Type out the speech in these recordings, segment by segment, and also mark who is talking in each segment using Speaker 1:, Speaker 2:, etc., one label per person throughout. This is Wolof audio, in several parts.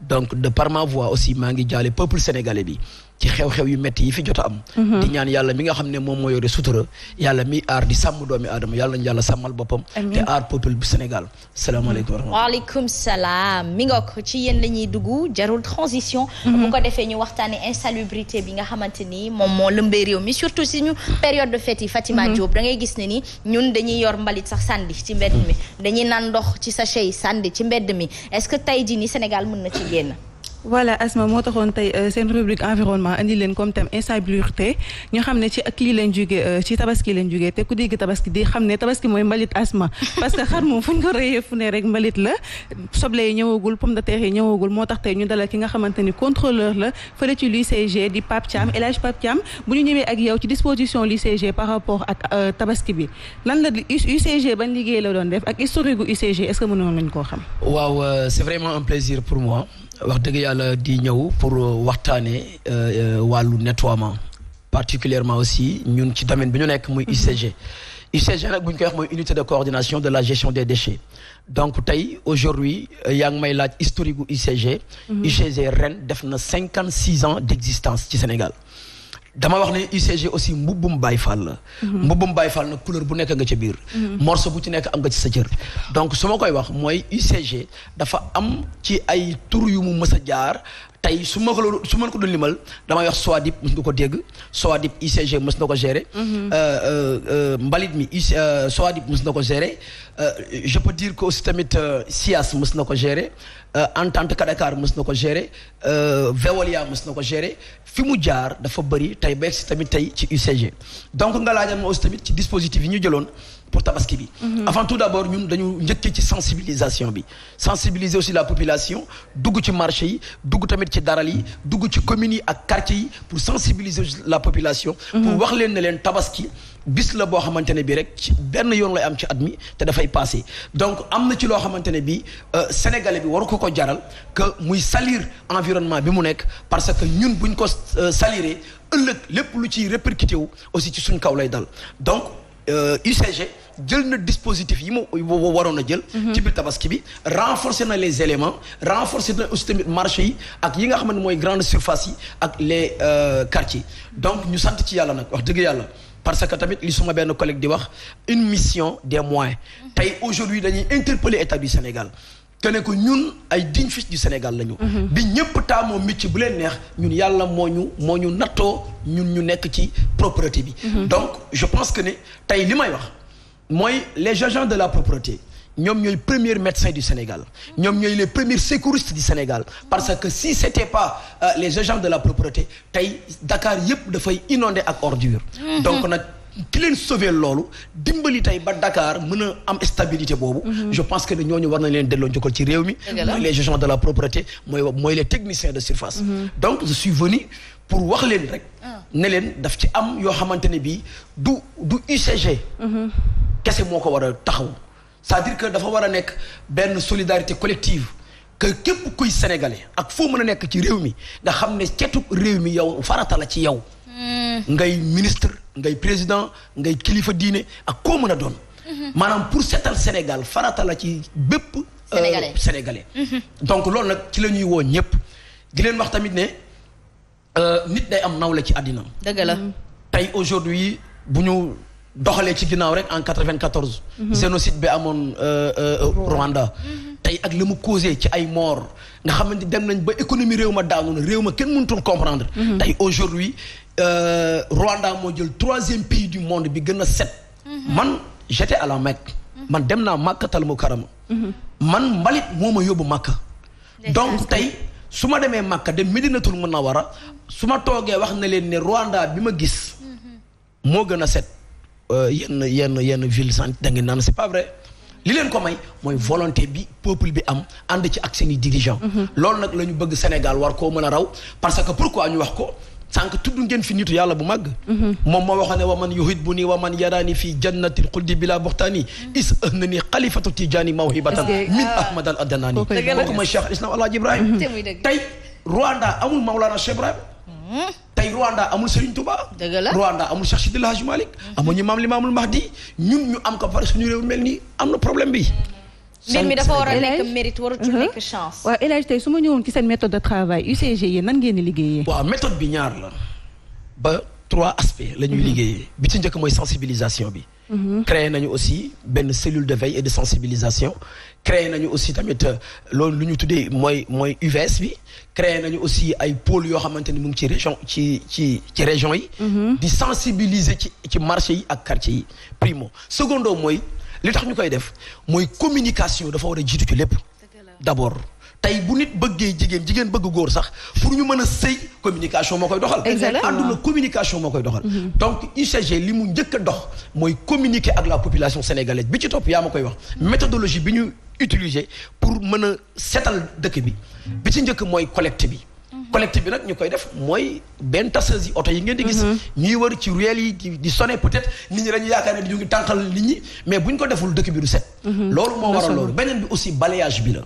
Speaker 1: donc de par ma voix aussi maa ngi jaale peuple sénégalais bi ci xew-xew yu métti yi fi jot a am mhm. di ñaan yàlla mi nga xam ne moom moo yore sutura yàlla mi aar di sàmm doomi aadama yàlla nañ yàlla sàmmal boppam te aar peuple bu Sénégal salaamaaleykum wa rahmatulah waaleykum salaam mi nga ko ci yéen la ñuy dugg jarul transition mhm. bu ko defee ñu waxtaane insalubrité bi nga xamante ni moom moo lëmbee réew
Speaker 2: mi surtout si ñu période de fête yi Fatima mhm. Diop da ngay gis ne ni ñun dañuy yor mbalit sax sànni ci mbedd mi dañuy naan ndox ci sa yi sànni ci mbedd mi est-ce que tey jii ni Sénégal mën na ci génn voilà Asma moo taxoon tey euh, seen rubrique environnement indi leen comme thème insalubrité ñu xam ne ci ak lii leen jógee euh, ci tabaski leen juge te ku dégg tabaski di xam ne tabaski mooy mbalit Asma parce que xar moom fu ñu ko rëyee fu ne rek mbalit la soble yi ñëwagul pomme de terre yi ñëwagul moo tax tey ñu dalal ki nga xamante ni contrôleur la fële ci l'UCG di Pape Thiam El Hadj Pape Thiam bu ñu ñëwee ak yow ci disposition l'UCG par rapport ak euh, tabaski bi lan la UCG ban liggéey la doon def ak historique gu UCG est-ce nañ koo xam.
Speaker 1: waaw c'est vraiment un pour moi. wax dëgg yàlla di ñëw pour euh, waxtaanee euh, euh, wàllu nettoiement particulièrement aussi ñun ci domaine bi ñu nekk muy UCG mhm. UCG nag bu ñu koy wax mooy unité de coordination de la gestion des déchets donc tey aujourd'hui yaa ngi may laaj historique gu UCG UCG mhm. ren def na cinquante six ans d'existence ci Sénégal dama wax ne UCG aussi mbubbum Baye Fall la. Mhm. mbubbum Baye Fall na couleur bu nekk nga ca biir. Mhm. morceau bu ci nekk am nga ci sa cër. donc su ma koy wax mooy UCG dafa am ci ay tur yu mu mës a jaar. tey su ma ko su ma ko doon limal damay wax Sowadib mës nga ko dégg Sowadib ICG mës na ko gérer. Mhm. Euh, euh, euh, mbalit mi IC Sowadib mës na ko gérer je peux diir que aussi tamit SIAS mës na ko gérer Euh, entente Kadakar mës na ko gérer euh, Veolia mës na ko gérer fi mu jaar dafa bëri tey ba tamit tey ci UCG donc nga laajal ma aussi tamit ci dispositif yi ñu jëloon pour tabaski bi. Mhm. avant tout d' abord ñun dañu njëkkee ci sensibilisation bi sensibiliser aussi la population dugg ci marché yi dugg tamit ci daral yi dugg ci communes yi ak quartiers yi pour sensibiliser la population. Mhm. pour wax leen leen tabaski. bis la boo xamante ne bii rek benn yoon lay am ci at mi te dafay passé donc am na ci loo xamante ne bii euh, sénégalais bi waru ko ko jaral que muy salir environnement bi mu nekk parce que ñun bu buñ ko euh, saliré ëllëg lépp lu ciy répercuté wu aussi ci suñ kaw lay dal donc UCG euh, jël na dispositif yi mu waroon a jël. Mhm. ci biir tabaski bi renforcer na les éléments renforcer na aussi tamit marché yi ak yi nga xamante mooy grande surface yi ak les quartiers donc ñu sant ci yàlla nag wax dëgg yàlla. parce que tamit li suma benn collègue di wax une mission des moyens tey aujourd'hui dañuy interpeller état du Sénégal te ne ko ñun ay digne fils du Sénégal lañu. Mhm. bi ñëpp taamoo métier bu leen neex ñun yàlla moo ñu moo ñu nattoo ñun ñu nekk ci propreté bi mhm. donc je pense que ne tey li may wax mooy les agents de la propreté ñoom ñooy première médecin du Sénégal ñoom ñooy le premiers secouristes du Sénégal parce que si c'était pas euh, les agents de la propreté tey Dakar yëpp dafay inondé ak ordure mm-hmm. donc nag ki leen sauver loolu dimbali tey ba dakaar mën a am stabilité boobu mm-hmm. je pense que ne ñooñu war na leen delloo njukkal ci réew mi mooy les agents de la propreté mooy mooy les techniciens de surface mm-hmm. donc je suis venu pour wax leen rek ah. ne leen daf ci am yoo xamante ne bii du du u kese moo ko war taxaw c'est-à-dire que dafa war a nekk benn solidarité collective que képp kuy sénégale ak foo mën a nekk ci réew mi nga xam ne ceetu réew mi yow faratala ci yow. Hmm. ngay ministre ngay président ngay kilifa diine ak koo mën a doon.
Speaker 2: Hmm. maanaam pour
Speaker 1: seetal Sénégal farata la ci bépp. Euh, sénégalais sénégalais. Hmm. donc loolu nag ci la ñuy woo ñëpp di leen wax tamit ne euh, nit day am nawle ci àddina. tey aujourd'hui bu ñu. doxalee ci ginnaaw rek en 94. Mhm. génocide bi amoon euh, euh, euh, Rwanda. Mhm. tey ak li mu causé ci ay mort nga xamante dem nañ ba économie réew ma daanu na réew ma kenn mënutul comprendre. Mhm. tey aujourd'hui Rwanda moo jël troisième pays du monde bi gën a set. man j'étais à la Mecque. man dem naa Makkatal Mukarrama. man mbalit moo ma yóbbu Makka.
Speaker 2: donc tey
Speaker 1: su ma demee Makka dem Medinatul Munawwara su ma toogee wax na leen ne Rwanda bi ma gis. moo gën a set. Euh, yenn yenn yenn ville sant da ngeen naan c'est pas vrai li leen ko may mooy volonté bi peuple bi am ànd ci ak seen i dirigeants. Mhm. nag la ñu bëgg Sénégal war koo mën a raw parce que pourquoi ñu wax ko. sànq tudd ngeen fi nitu yàlla bu màgg mhm. moom moo waxoon ne wa man yuhibuni wa man yarani fii jannatil xuldi bila buxtaani is a ni xalifatu tijaani mawhibatan min ah, ahmad al adnani kooku mooy cheikh al islam alhaji ibrahim tey Rwanda amul mawlana cheikh ibrahim mhm. tey Rwanda amul Serigne Touba. dëgg la Rwanda amul Cheikh Sidil Hadj Malick. Mhm. amuñu maam Limaamul Mahdi ñun ñu am ko pare suñu réew mel nii am na problème bi.
Speaker 2: mbir mi dafa war a nekk mérite waratu uh-huh. nekk chance. waaw El tey su ma ñëwoon ci seen méthode de travail UCG yéen nan ngeen di liggéeyee. waaw méthode
Speaker 1: bi ñaar la ba trois aspects la ñuy mhm. liggéeyee bi ci njëkk mooy sensibilisation bi. Mhm. créé nañu aussi benn cellule de veille et de sensibilisation créé nañu aussi tamit euh, loolu lu ñu tuddee mooy mooy UVS bi créé nañu aussi ay pôles yoo xamante ni mu ngi ci région ci ci ci région yi mhm. di sensibiliser ci ci marché yi ak quartier yi primo secondo mooy li tax ñu koy def mooy communication dafa war a jiitu ci lépp d'abord tey bu nit bëggee jigéen jigéen bëgg góor sax pour ñu mën a sëy communication moo koy doxal àdduna communication moo koy doxal mhm. donc UCG li mu njëkk a dox mooy communiquer ak la population sénégalaise bi ci topp yaa ma koy wax mhm. méthodologie bi utiliser pour mën a setal dëkk bi bi ci njëkk mooy collecte bi mhm. collecte bi nag ñu koy def mooy benn tasseuse yi oto yi ngeen di gis mhm. ñuy war ci ruelle yi di sonné peut-être nit ñi dañu yaakaar ne ñu ngi tànqal nit ñi mais bu ñu ko deful dëkk bi du set mhm. loolu moo waral loolu beneen bi aussi balayage bi la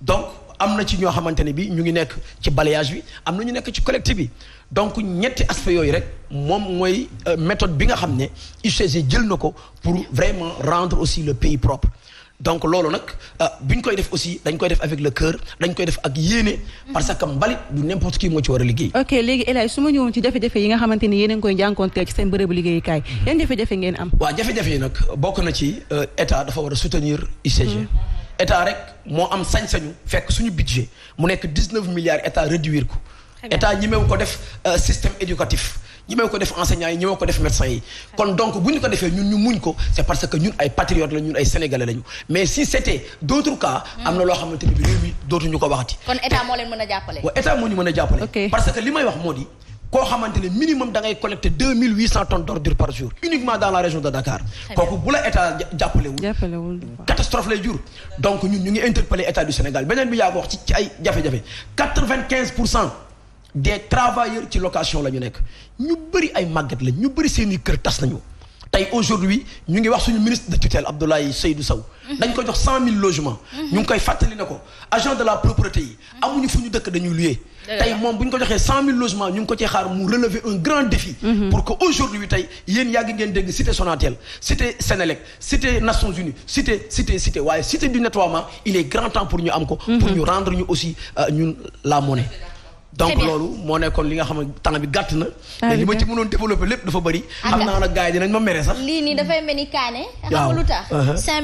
Speaker 1: donc am na ci ñoo xamante ne bi ñu ngi nekk ci balayage bi am na ñu nekk ci collecte bi donc ñetti aspect yooyu rek moom mooy euh, méthode bi nga xam ne UCG jël na ko pour vraiment rendre aussi le pays propre donc loolu nag euh, bu ñu koy def aussi dañ koy def avec le cœur dañ koy def ak yéene. parce que mbalit du n'importe qui moo ci war a liggéey.
Speaker 2: ok léegi El su ma ñëwoon ci jafe-jafe yi nga xamante ni yéen a ngi koy jànkuwanteel ci seen bërëbu liggéeyukaay yan jafe-jafe ngeen am.
Speaker 1: waaw jafe-jafe yi nag bokk na ci euh, état dafa war a soutenir UCG. Mm-hmm. état rek moo am sañ-sañu fekk suñu budget mu nekk 19 milliards état réduire ko. état ñi meew ko def euh, système éducatif. ñi may ko def enseignants yi ñi may ko def médecins yi kon donc bu ñu ko defee ñun ñu muñ ko c'est parce que ñun ay patriotes la ñu ay sénégalais lañu mais si c'était d'autres cas mm. am na loo xamante ni bi réew mi dootuñu ko waxati
Speaker 2: kon état moo leen mën a jàppale waaw
Speaker 1: état parce que li may wax moo di koo xamante ne minimum da ngay collecter deux mille huit cent tonnes d'ordures par jour uniquement dans la région de Dakar kooku bu la état jàppalewul catastrophe lay jur donc ñun ñu ngi interpeller état du Sénégal beneen bi yaa ko wax ci ci pour cent des travailleurs ci location la ñu nekk ñu bëri ay màgget la ñu bëri seen i kër tas nañu tey aujourd'hui ñu ngi wax suñu ministre de tutelle Abdoulaye Seydou Sow mhm. dañ ko jox cent mille logements mhm. ñu ngi koy fàttali ne ko agent de la propreté yi mhm. ñu fu ñu dëkk dañuy luyee tey moom bu ñu ko joxee cent mille logements ñu ngi ko ci xaar mu relever un grand défi pour que aujourd'hui tey yéen yàgg ngeen dégg cité Sonatel cité Sénélec cité Nations Unies cité cité cité waaye ñu am ko pour ñu euh, la monnaie donc loolu moo nekkoon li nga xam bi gàtt na. Ah, li ma ci mënoon développé lépp dafa bëri. Ah, xam naa nag gars dinañ ma mere sax. lii nii dafay mel ni kaane. xam uh-huh.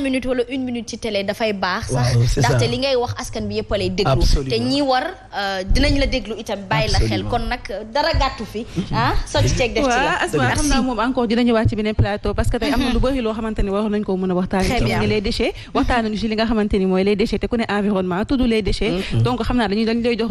Speaker 1: bi yëpp déglu. te ñi war
Speaker 2: euh, dinañ la déglu itam bàyyi la xel kon nag dara gàttu fi. ah def ci la. waaw xam naa moom encore dinañu ñëwaat ci beneen plateau. parce que tey am na lu bëri loo xamante ni waroon nañu mën a waxtaanee. très bien ci waxtaan nañu ci li nga xamante mooy les